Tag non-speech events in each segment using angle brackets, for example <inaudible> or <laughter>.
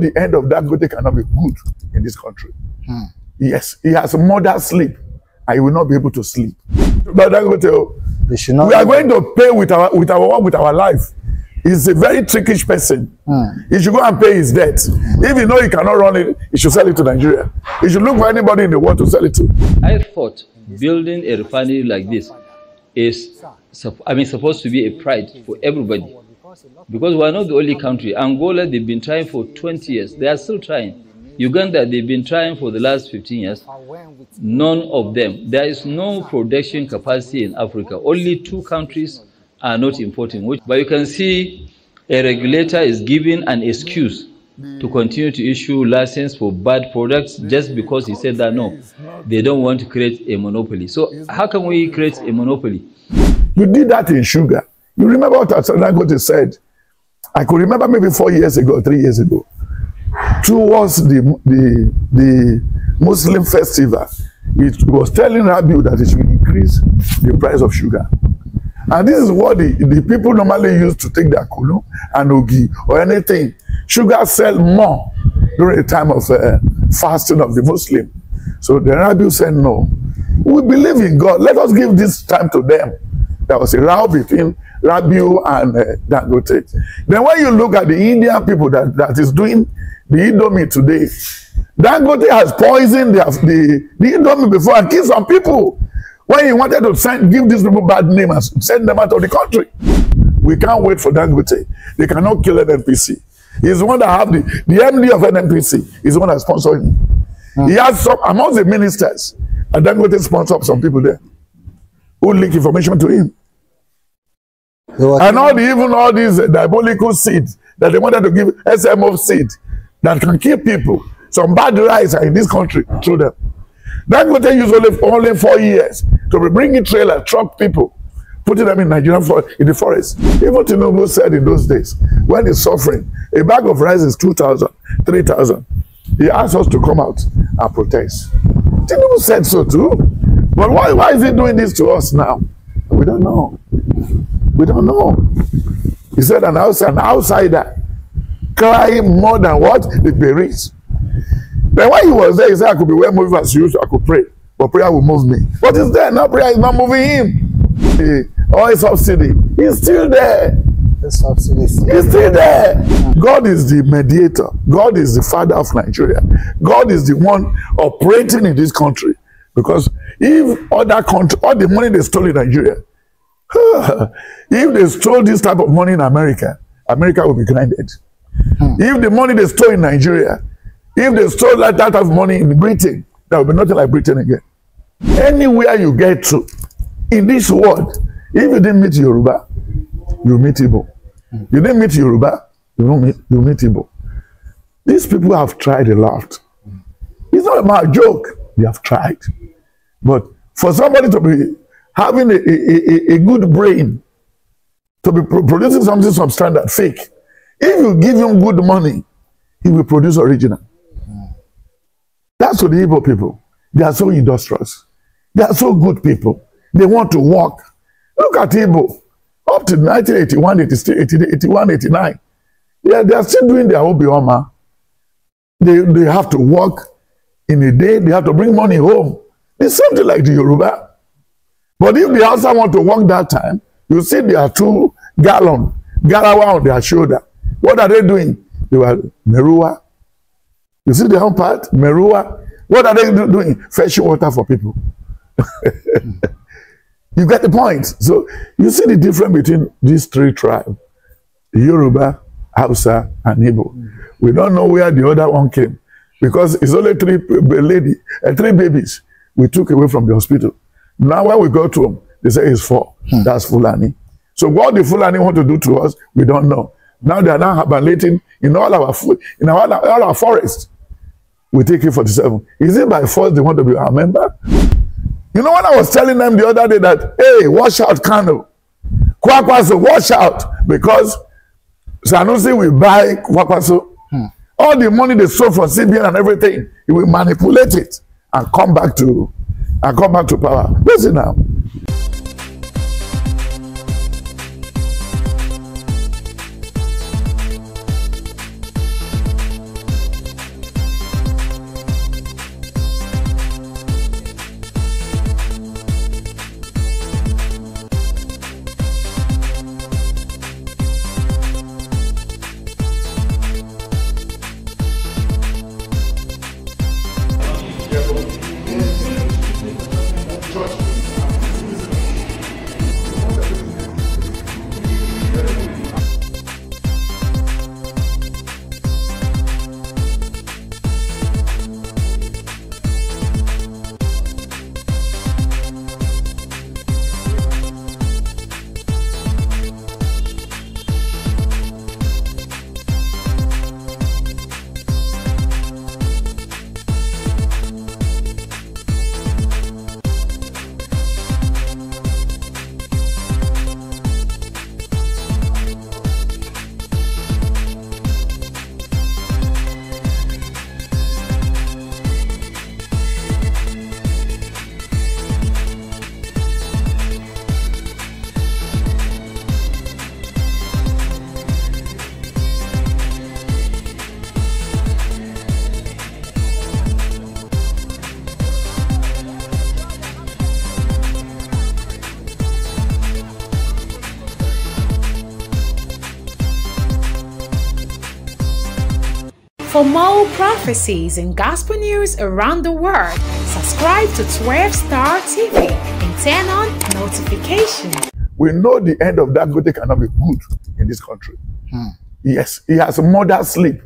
the end of that Dangote cannot be good in this country. Hmm. Yes, he has mother sleep. I will not be able to sleep. But Dangote, oh, we are going to pay with our with our with our life. He's a very trickish person. Hmm. He should go and pay his debt. Hmm. If you know he cannot run it, he should sell it to Nigeria. He should look for anybody in the world to sell it to. I thought building a refinery like this is, I mean, supposed to be a pride for everybody. Because we are not the only country. Angola, they've been trying for 20 years. They are still trying. Uganda, they've been trying for the last 15 years. None of them. There is no production capacity in Africa. Only two countries are not importing. but you can see a regulator is giving an excuse to continue to issue license for bad products just because he said that no, they don't want to create a monopoly. So how can we create a monopoly? You did that in sugar. You remember what Dangote said? I could remember maybe four years ago, three years ago, towards the, the, the Muslim festival, it was telling Rabiu that it should increase the price of sugar. And this is what the, the people normally use to take their kunu and ogi or anything. Sugar sell more during the time of uh, fasting of the Muslim. So the Rabiu said, no, we believe in God. Let us give this time to them. There was a row between Rabiu and uh, Dangote. Then when you look at the Indian people that, that is doing the Indomie today, Dangote has poisoned the, the, the Indomie before and killed some people. When he wanted to send, give these people bad name and send them out of the country. We can't wait for Dangote. They cannot kill an NPC. He's the one that have the, the MD of NPC. He's the one that sponsored him. Mm. He has some, among the ministers, and Dangote sponsored some people there who leak information to him. And all the, even all these diabolical seeds that they wanted to give SMO seed that can kill people. Some bad rice are in this country through them. That they take you only, only four years to be bringing trailer, truck people, putting them in Nigerian for, in the forest. Even Tinubu said in those days, when he's suffering, a bag of rice is 2,000, 3,000. He asked us to come out and protest. Tinubu said so too. But why, why is he doing this to us now? We don't know. We don't know. He said an outsider, an outsider cry more than what? The parents. Then when he was there, he said, I could be well moving as usual, I could pray, but prayer will move me. What is there? Now prayer is not moving him. He, all his subsidy. He's still there. The subsidy is still, He's still there. there. God is the mediator. God is the father of Nigeria. God is the one operating in this country. Because if other country, all the money they stole in Nigeria, if they stole this type of money in America, America will be blinded. Hmm. If the money they stole in Nigeria, if they stole that type of money in Britain, there will be nothing like Britain again. Anywhere you get to in this world, if you didn't meet Yoruba, you meet Igbo. Hmm. You didn't meet Yoruba, you don't meet, you meet Igbo. These people have tried a lot. Hmm. It's not about a joke. They have tried. But for somebody to be having a, a, a, a good brain to be pro producing something substandard, fake. If you give him good money, he will produce original. That's what the Igbo people. They are so industrious. They are so good people. They want to work. Look at Igbo. Up to 1981, 81, 89. Yeah, they are still doing their obioma. They, they have to work in a day. They have to bring money home. It's something like the Yoruba. But if the Hausa want to work that time, you see their two gallon, garawa on their shoulder. What are they doing? They were Merua. You see the own part? Merua. What are they do doing? Fetching water for people. <laughs> you get the point. So you see the difference between these three tribes, Yoruba, Hausa, and Igbo. We don't know where the other one came because it's only three lady, uh, three babies we took away from the hospital. Now when we go to them, they say it's four. Hmm. That's Fulani. So what the Fulani want to do to us, we don't know. Now they are now ablating in all our food, in all our, all our forests. We take it 47. Is it by force they want to be our member? You know when I was telling them the other day that, hey, watch out Kano. Kwakwaso, watch out. Because Sanusi will buy Kwakwaso. Hmm. All the money they sold from CBN and everything, he will manipulate it and come back to and come back to power. Listen now. more prophecies and gospel news around the world, subscribe to 12 Star TV and turn on notifications. We know the end of that day cannot be good in this country. Hmm. Yes, he has mother sleep.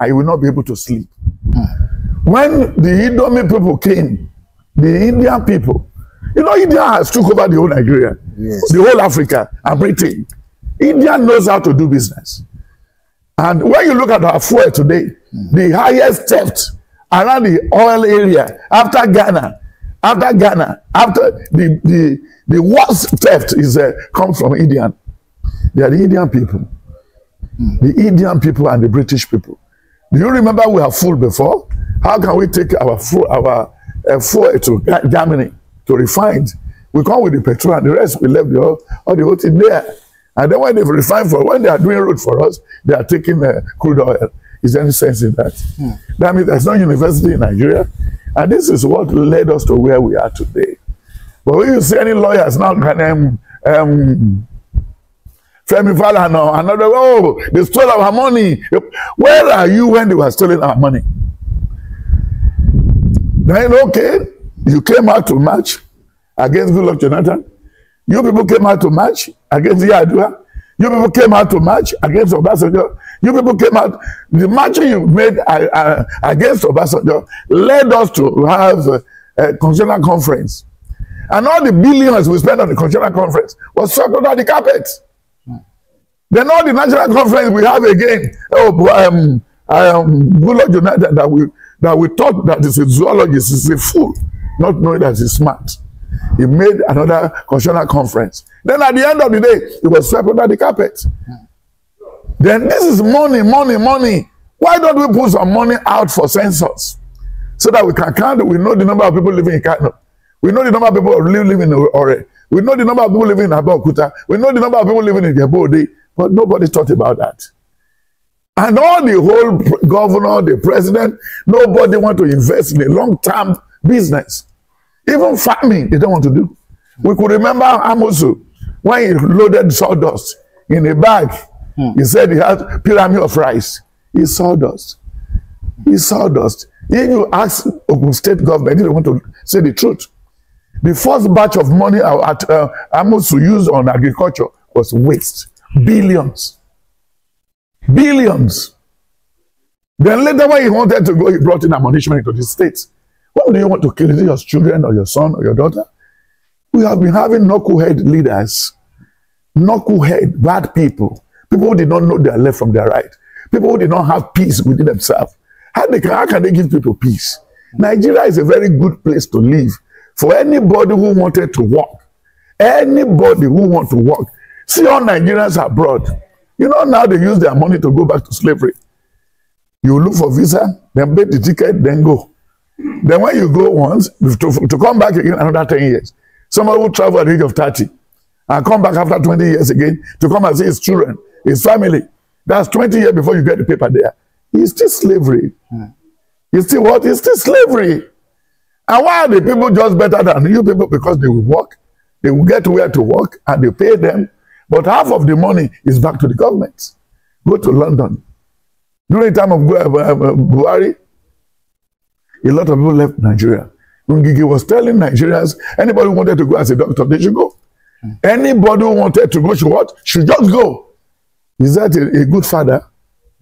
I will not be able to sleep. Hmm. When the Idomi people came, the Indian people, you know, India has took over the whole Nigeria, yes. the whole Africa, and Britain. India knows how to do business. And when you look at our fuel today, the highest theft around the oil area after Ghana after Ghana after the the the worst theft is uh, come from Indian they are the Indian people the Indian people and the British people do you remember we are full before how can we take our full our uh, full to Germany to refine we come with the petrol and the rest we left the all, all the whole thing there and then when they refine for when they are doing road for us they are taking uh, crude oil Is there any sense in that? Hmm. That means there's no university in Nigeria. And this is what led us to where we are today. But when you see any lawyers now, can um, um, Femi Falana, another, oh, they stole our money. Where are you when they were stealing our money? Then, okay, you came out to match against Goodluck Jonathan. You people came out to match against Yadua. You people came out to match against Obasanjo. You people came out. The marching you made uh, uh against Obasanjo led us to have a, a constitutional conference. And all the billions we spent on the constitutional conference was swept under the carpet. Then all the national conference we have again, oh, um, um, Goodluck Jonathan, that we, that we thought that is a zoologist, is a fool, not knowing that he's smart. He made another constitutional conference. Then at the end of the day, it was swept under the carpet. Mm. Then this is money, money, money. Why don't we put some money out for census so that we can count? We know the number of people living in Kano. We know the number of people living in Ore. We know the number of people living in Abeokuta. We know the number of people living in Jebode. But nobody thought about that. And all the whole governor, the president, nobody want to invest in a long-term business. Even farming, they don't want to do. We could remember Amosu when he loaded sawdust in a bag Hmm. He said he had pyramid of rice. It's sawdust. It's sawdust. If you ask Ogun State government, they want to say the truth. The first batch of money at uh, Amosu used on agriculture was waste. Billions. Billions. Then later when he wanted to go, he brought in admonishment into the state. What do you want to kill? Is it your children or your son or your daughter? We have been having knucklehead leaders, knucklehead bad people People who did not know their left from their right. People who did not have peace within themselves. How, they can, how can they give people peace? Nigeria is a very good place to live for anybody who wanted to work. Anybody who want to work. See all Nigerians abroad. You know now they use their money to go back to slavery. You look for visa, then pay the ticket, then go. Then when you go once, to, to come back again another 10 years. Somebody will travel at the age of 30 and come back after 20 years again to come and see his children, his family. That's 20 years before you get the paper there. It's still slavery. Mm. It's still what? It's still slavery. And why are the people just better than you people? Because they will work, they will get where to work, and they pay them. But half of the money is back to the government. Go to London. During the time of uh, uh, Buhari, a lot of people left Nigeria. Ngigi was telling Nigerians, anybody who wanted to go as a doctor, they should go. Anybody who wanted to go should what? Should just go. Is that a, a good father?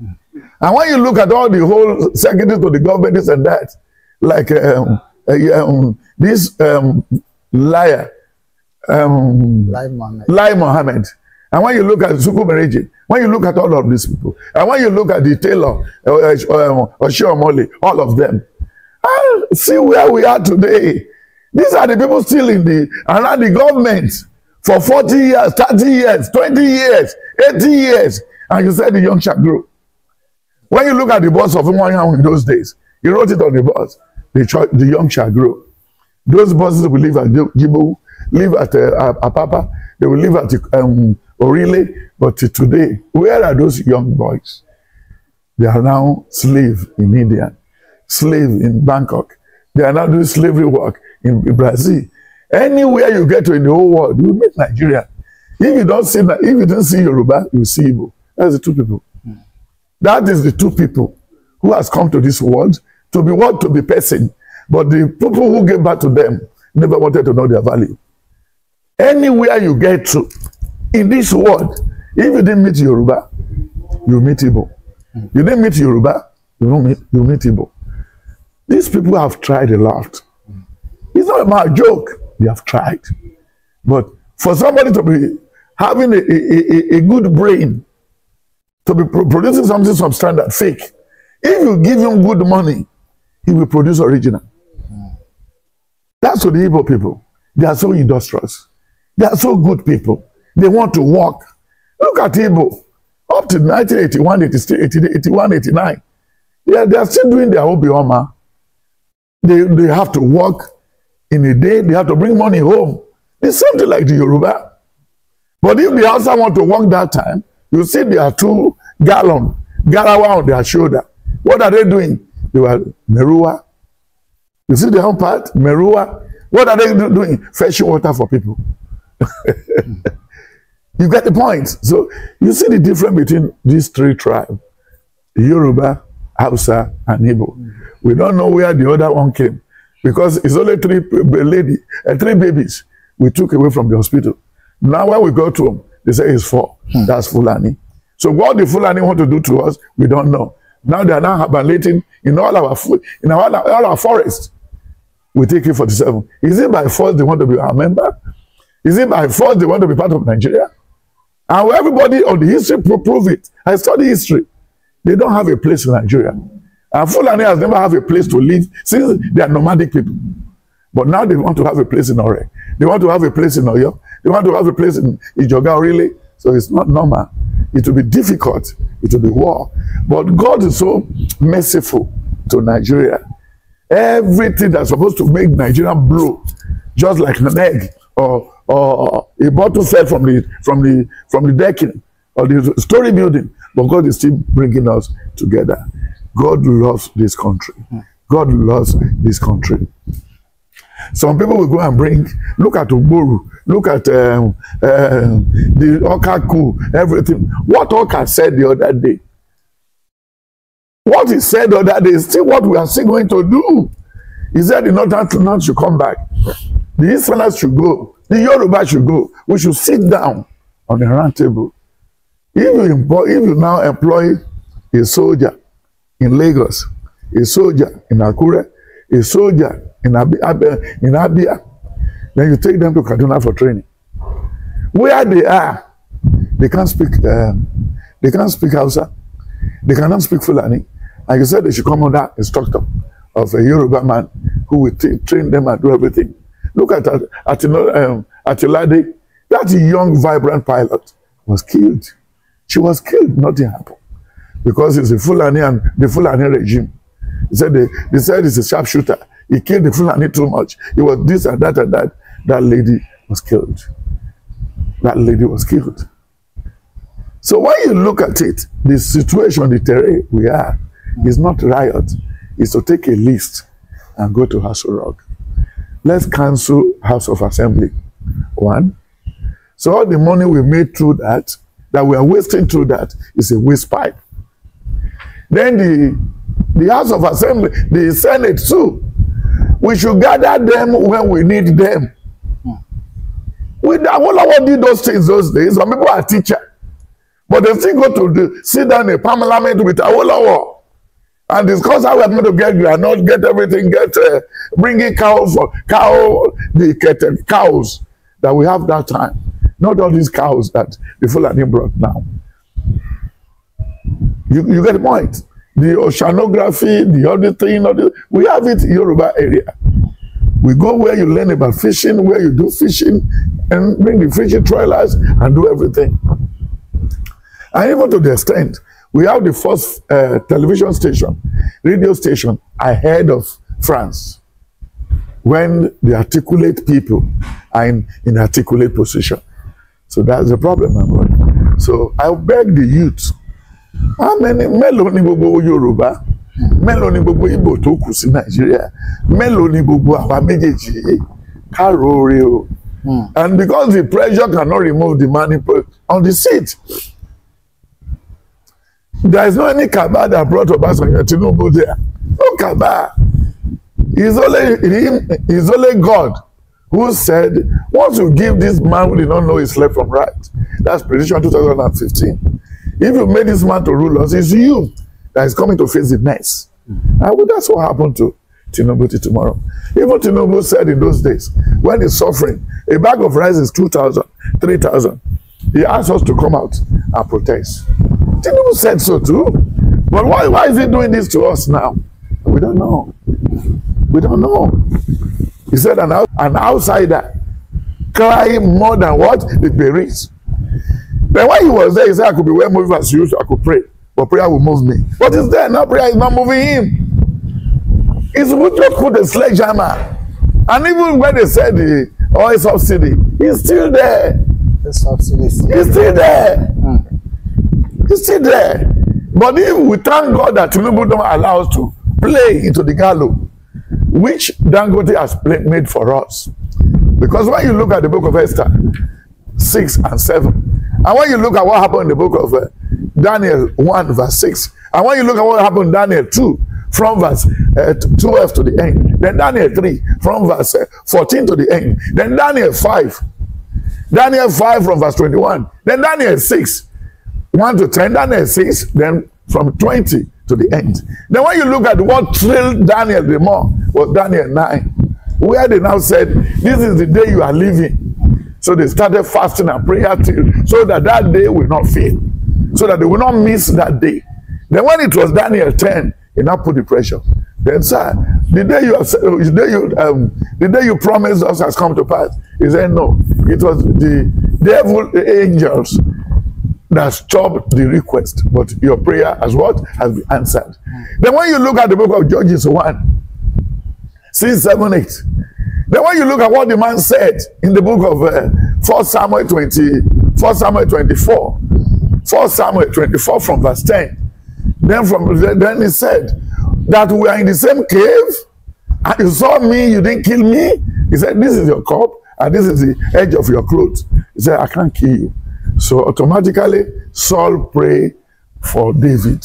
Hmm. And when you look at all the whole secretaries to the government, this and that, like uh, um, uh, um, this um, liar, um, Lai Mohammed. Lai Mohammed. And when you look at Suku Mereji, when you look at all of these people, and when you look at the tailor, uh, uh, um, Oshiomole, all of them, and see where we are today. These are the people still in the, around the government for 40 years, 30 years, 20 years, 80 years, and you said the young shall grow. When you look at the boss of Imwanyang in those days, he wrote it on the boss, the, the young shall grow. Those bosses will live at Jibu, live at uh, Apapa, they will live at um, Orile, but today, where are those young boys? They are now slave in India, slave in Bangkok. They are now doing slavery work in Brazil. Anywhere you get to in the whole world, you meet Nigeria. If you don't see that, if you don't see Yoruba, you see Igbo. That's the two people. Mm. That is the two people who has come to this world to be what to be person. But the people who gave back to them never wanted to know their value. Anywhere you get to in this world, if you didn't meet Yoruba, you meet Igbo. Mm. You didn't meet Yoruba, you don't meet you meet Igbo. These people have tried a lot. Mm. It's not about a joke. They have tried. But for somebody to be having a, a, a, a good brain, to be pro- producing something substandard, fake, if you give him good money, he will produce original. That's what the Igbo people. They are so industrious. They are so good people. They want to work. Look at Igbo. Up to 1981, 81, 89. Yeah, they are still doing their obioma. They, they have to work. In a day, they have to bring money home. It's something like the Yoruba. But if the Hausa want to work that time, you see they are two gallon, garawa on their shoulder. What are they doing? They were Merua. You see the home part? Merua. What are they do doing? Fetching water for people. <laughs> you get the point. So you see the difference between these three tribes, Yoruba, Hausa, and Igbo. We don't know where the other one came because it's only three lady uh, three babies we took away from the hospital. Now when we go to them, they say it's four. Hmm. That's Fulani. So what the Fulani want to do to us, we don't know. Now they are now hibernating in all our food, in all our, all our forests. We take it 47. Is it by force they want to be our member? Is it by force they want to be part of Nigeria? And everybody on the history prove it. I study history. They don't have a place in Nigeria. And Fulani has never have a place to live since they are nomadic people. But now they want to have a place in Ore. They want to have a place in Oyo. They want to have a place in Ijoga, really. So it's not normal. It will be difficult. It will be war. But God is so merciful to Nigeria. Everything that's supposed to make Nigeria blue, just like an egg or, or a bottle fell from the, from, the, from the decking or the story building, but God is still bringing us together. God loves this country. God loves this country. Some people will go and bring, look at Ugburu, look at um, uh, the Okaku, everything. What Oka said the other day, what he said the other day is still what we are still going to do. He said the northern Fulani should come back, the Easterners should go, the Yoruba should go. We should sit down on the round table. If you, employ, if you now employ a soldier in Lagos, a soldier in Akure, a soldier in, Ab Ab in Abia. Then you take them to Kaduna for training. Where they are, they can't speak, uh, they can't speak Hausa, they cannot speak Fulani. Like I said, they should come under instructor of a Yoruba man who will train them and do everything. Look at At, at um, Atilade, that young, vibrant pilot was killed. She was killed, nothing happened. because it's a Fulani and the Fulani regime. He said they, they said he's a sharpshooter. He killed the Fulani too much. It was this and that and that. That lady was killed. That lady was killed. So when you look at it, the situation, the terrain we are, is not riot. It's to take a list and go to House Rock. Let's cancel House of Assembly. One. So all the money we made through that, that we are wasting through that, is a waste pipe. then the the House of Assembly, the Senate too. We should gather them when we need them. We Awolowo did those things those days. Some people are teacher, but they still go to the, sit down in parliament with Awolowo and discuss how we are going to get not get everything, get uh, bringing cows for cow the get, cows that we have that time. Not all these cows that the Fulani brought now. You, you get the point. The oceanography, the other thing, other, we have it in Yoruba area. We go where you learn about fishing, where you do fishing, and bring the fishing trailers and do everything. And even to the extent, we have the first uh, television station, radio station ahead of France when the articulate people are in, in articulate position. So that's the problem, my brother. So I beg the youth amẹni mélòó ni gbogbo Yorùbá mélòó ni gbogbo Ìgbò tó kù sí Nàìjíríà mélòó ni gbogbo àwa méjèèjì káróore o hmm. and because the pressure cannot remove the money on the seat there is no any cabal that brought Obasanjo Tinubu there no cabal he is only him he is only God who said once you give this man who did not know his left from right that's prediction 2015. If you made this man to rule us, it's you that is coming to face the mess. Mm. And that's what happened to Tinubu to tomorrow. Even Tinubu said in those days, when he's suffering, a bag of rice is 2,000, 3,000. He asked us to come out and protest. Tinubu said so too. But why, why is he doing this to us now? We don't know. We don't know. He said an, an outsider crying more than what? The berries. Then when he was there, he said, I could be well moved as usual, I could pray, but prayer will move me. What is there? Now prayer is not moving him. It's just put a sledgehammer. And even when they said the oil subsidy, he's still there. The subsidy is still, he's still there. Mm. He's still there. But if we thank God that Tinubu don't allow us to play into the gallow, which Dangote has made for us. Because when you look at the book of Esther, 6 and 7, And when you look at what happened in the book of uh, Daniel 1, verse 6, and when you look at what happened in Daniel 2, from verse uh, 12 to the end, then Daniel 3, from verse uh, 14 to the end, then Daniel 5, Daniel 5 from verse 21, then Daniel 6, 1 to 10, Daniel 6, then from 20 to the end. Then when you look at what thrilled Daniel the more was Daniel 9, where they now said, This is the day you are living. So they started fasting and prayer till so that that day will not fail, so that they will not miss that day. Then when it was Daniel 10, he now put the pressure. Then, sir, the day you, the day you, um, the day you promised us has come to pass. He said, no, it was the devil the angels that stopped the request, but your prayer has what has been answered. Then when you look at the book of Judges 1, 6, 7, 8, Then when you look at what the man said in the book of uh, 1 Samuel 20, 1 Samuel 24, 1 Samuel 24 from verse 10, then from then he said that we are in the same cave, and you saw me, you didn't kill me. He said, This is your cup, and this is the edge of your clothes. He said, I can't kill you. So automatically, Saul prayed for David.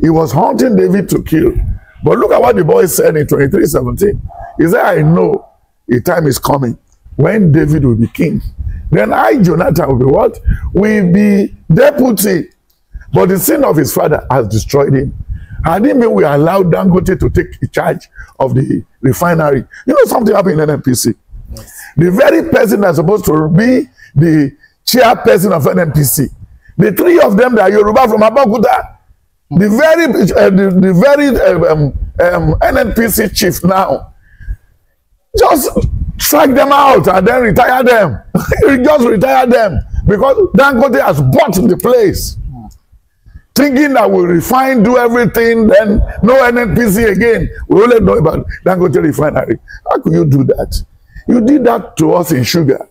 He was hunting David to kill, But look at what the boy said in 23 17. He said, I know a time is coming when David will be king. Then I, Jonathan, will be what? Will be deputy. But the sin of his father has destroyed him. And it mean we allow Dangote to take charge of the refinery. You know something happened in NNPC? Yes. The very person that's supposed to be the chairperson of NNPC, the three of them that are Yoruba from Abakuta, The very, uh, the, the very um, um, um NNPC chief now, just strike them out and then retire them. you <laughs> just retire them because Dangote has bought the place. Thinking that we'll refine, do everything, then no NNPC again. We only know about Dangote refinery. How could you do that? You did that to us in sugar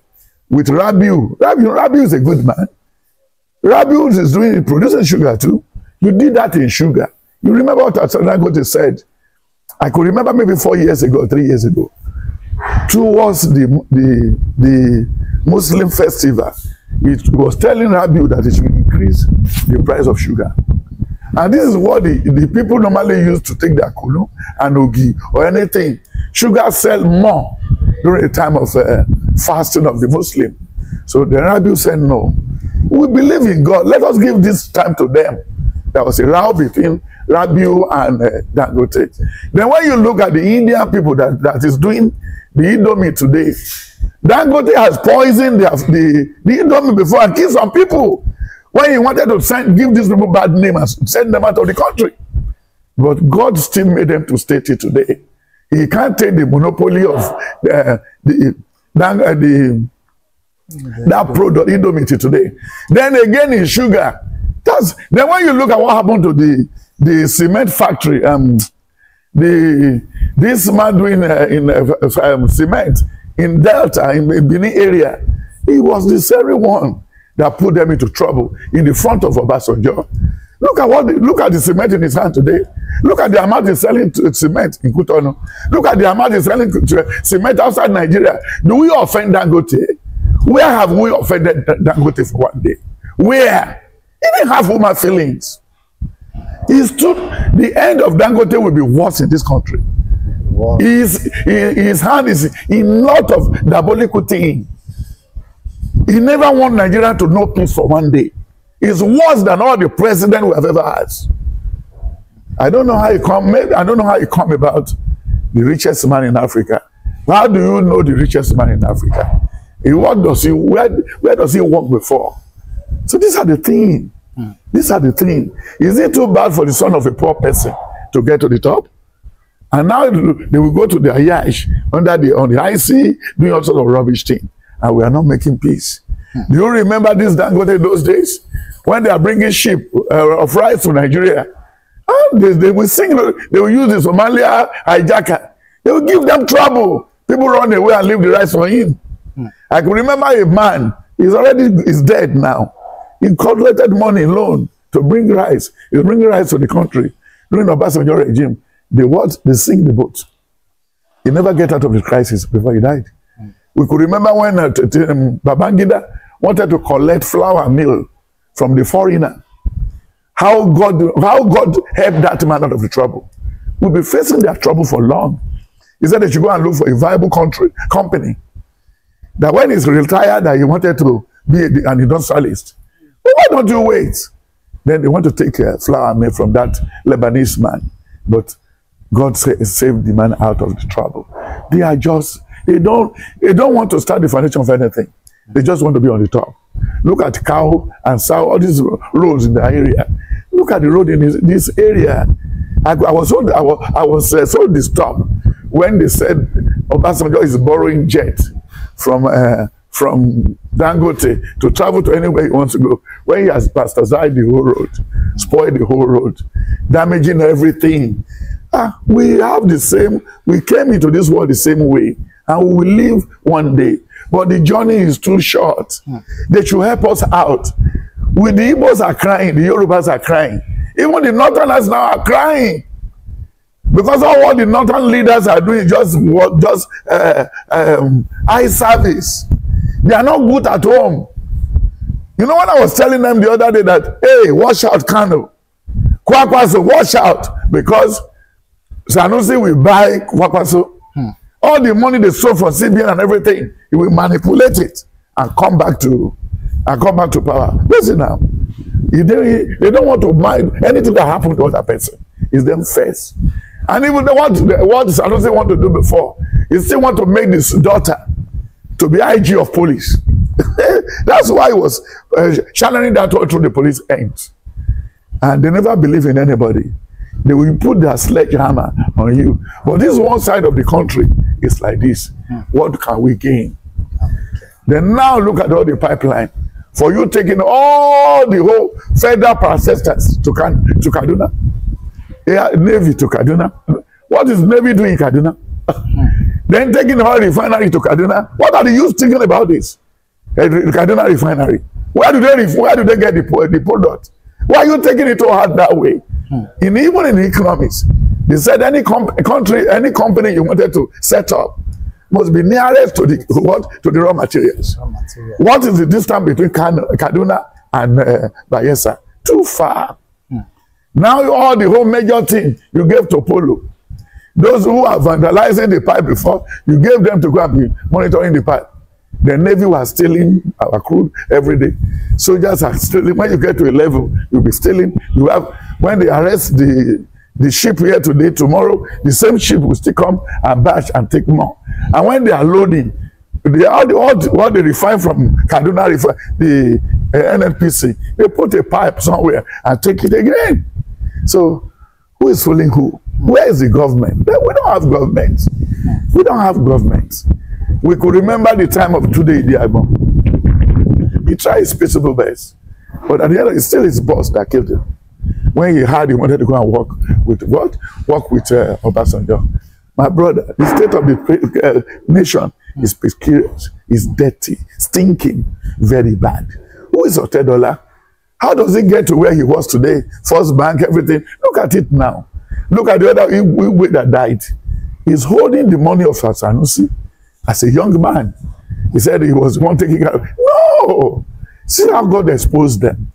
with Rabiu. Rabiu, Rabiu is a good man. Rabiu is doing producing sugar too. You did that in sugar. You remember what Dangote said? I could remember maybe four years ago, three years ago, towards the, the, the Muslim festival, it was telling Rabiu that it should increase the price of sugar. And this is what the, the people normally use to take their kunu and ogi or anything. Sugar sell more during the time of uh, fasting of the Muslim. So the Rabiu said, no, we believe in God. Let us give this time to them There was a row between Rabiu and uh, Dangote. Then when you look at the Indian people that, that is doing the Indomie today, Dangote has poisoned the, the, the Indomie before and killed some people when he wanted to send, give these people bad name and send them out of the country. But God still made them to stay till today. He can't take the monopoly of uh, the, that, uh, the, that product, Indomie today. Then again in sugar, That's then when you look at what happened to the the cement factory, um, the this man doing uh, in uh, um, cement in Delta in Benin area, he was the very one that put them into trouble in the front of Obasanjo. Look at what the, look at the cement in his hand today. Look at the amount he's selling to cement in Kutonu. Look at the amount he's selling to cement outside Nigeria. Do we offend Dangote? Where have we offended Dangote for one day? Where? He didn't have human feelings. He stood, the end of Dangote will be worse in this country. Wow. His, his hand is in lot of diabolical thing. He never want Nigeria to know peace for one day. It's worse than all the president we have ever had. I don't know how he come. Maybe I don't know how he come about the richest man in Africa. How do you know the richest man in Africa? He, what does he? Where, where does he work before? So these are the things. Hmm. These are the things. Is it too bad for the son of a poor person to get to the top? And now they will go to the Ayash under the on the IC doing all sort of rubbish thing. And we are not making peace. Hmm. Do you remember this Dangote those days? When they are bringing sheep uh, of rice to Nigeria, and ah, they, they will sing, they will use the Somalia hijacker. They will give them trouble. People run away and leave the rice for him. Mm. I can remember a man, he's already he's dead now. He collected money loan to bring rice. He bring rice to the country. During the Obasanjo regime, they what? They sink the boat. He never get out of the crisis before he died. We could remember when uh, um, Babangida wanted to collect flour mill from the foreigner. How God, how God helped that man out of the trouble. We'll be facing that trouble for long. He said that you go and look for a viable country, company. That when he's retired, that he wanted to be, a, and he why don't you wait? Then they want to take a flour made from that Lebanese man. But God saved the man out of the trouble. They are just, they don't, they don't want to start the foundation of anything. They just want to be on the top. Look at cow and sow, all these roads in the area. Look at the road in this, this area. I, I was so, I was, I was uh, so disturbed when they said Obasanjo is borrowing jet from, uh, from Dangote to travel to anywhere he wants to go when he has bastardized the whole road, spoiled the whole road, damaging everything. Ah, we have the same, we came into this world the same way and we will live one day. But the journey is too short. They should help us out. We, the Igbos are crying, the Yorubas are crying. Even the Northerners now are crying. Because all what the Northern leaders are doing is just, just uh, um, eye service. They are not good at home. You know, when I was telling them the other day that, hey, wash out, Kano. Kwakwaso, wash out. Because Sanusi will buy Kwakwaso. Hmm. All the money they sold from CBN and everything, he will manipulate it and come back to and come back to power. Listen now. They, they don't want to mind anything that happened to other person. It's them first. And even the, what, what Sanusi want to do before, he still want to make this daughter to be IG of police. <laughs> That's why he was uh, channeling that all through the police ends. And they never believe in anybody. They will put their sledgehammer on you. But this one side of the country is like this. What can we gain? Then now look at all the pipeline. For you taking all the whole federal processors to, Can to Kaduna. Yeah, Navy to Kaduna. What is Navy doing in Kaduna? <laughs> Then taking our refinery to Kaduna. What are the youth thinking about this? Eh, Kaduna refinery. Where do they where do they get the, the product? Why are you taking it to heart that way? Hmm. In even in economics, they said any country, any company you wanted to set up must be nearest to the what to the raw materials. Raw material. What is the distance between Kaduna and uh, Bayelsa? Too far. Hmm. Now all the whole major thing you gave to Polo Those who are vandalizing the pipe before, you gave them to go and be monitoring the pipe. The Navy was stealing our crude every day. Soldiers are stealing. When you get to a level, you'll be stealing. You have when they arrest the the ship here today, tomorrow, the same ship will still come and bash and take more. And when they are loading, they all the all the, what they refine from Kaduna refine the uh, eh, NNPC, they put a pipe somewhere and take it again. So who is fooling who? Where is the government? We don't have government. We don't have government. We could remember the time of today, Idiabo. He tried his peaceable best, but at the end, it's still his boss that killed him. When he had, he wanted to go and work with what? Work with uh, Obasanjo. My brother, the state of the uh, nation is precarious, is dirty, stinking, very bad. Who is Otedola? How does he get to where he was today? First bank, everything. Look at it now. Look at the other Igwe that died. He's holding the money of Sanusi as a young man. He said he was one taking care of No! See how God exposed them.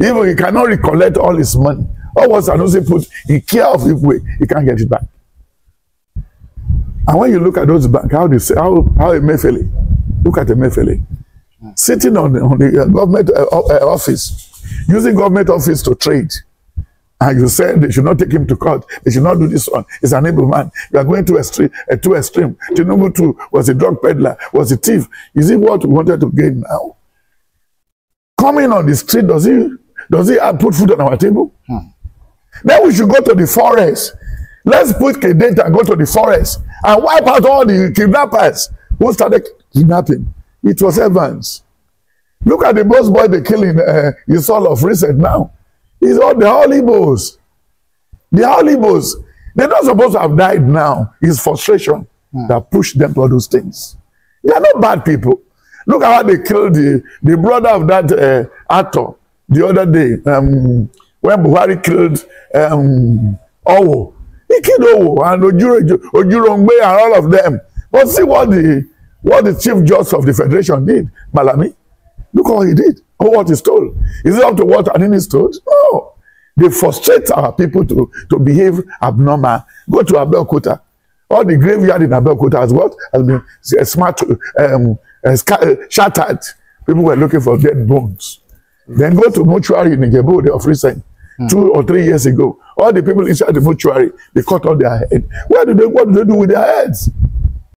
Even he cannot recollect all his money. All what Sanusi put in care of Igwe, he can't get it back. And when you look at those banks, how do you say, how, how Emefiele, look at Emefiele, sitting on, on the uh, government uh, uh, office, using government office to trade. And you said, they should not take him to court. They should not do this one. He's an able man. You are going to extreme, uh, too extreme. Tinubu too was a drug peddler, was a thief. Is it what we wanted to gain now? Coming on the street, does he, does he put food on our table? Hmm. Then we should go to the forest. Let's put Kedate and go to the forest and wipe out all the kidnappers who started kidnapping. It was Evans. Look at the boss boy they killing uh, all of recent now. It's all the Holy Ghost. The Holy Ghost. They're not supposed to have died now. It's frustration mm. that pushed them to all those things. They are not bad people. Look at how they killed the, the brother of that uh, actor the other day um, when Buhari killed um, Owo. He killed Owo and Ojuro, Ojurongbe and all of them. But see what the what the chief judge of the federation did, Malami. Look what he did or oh, what is told. Is it up to what Anini is told? No. They frustrate our people to, to behave abnormal. Go to Abeokuta. All the graveyard in Abeokuta has what? Has been uh, smart, um, uh, uh, shattered. People were looking for dead bones. Mm. Then go to mortuary in Ijebu, the of recent, mm. two or three years ago. All the people inside the mortuary, they cut off their head. Where do they, what do they do with their heads?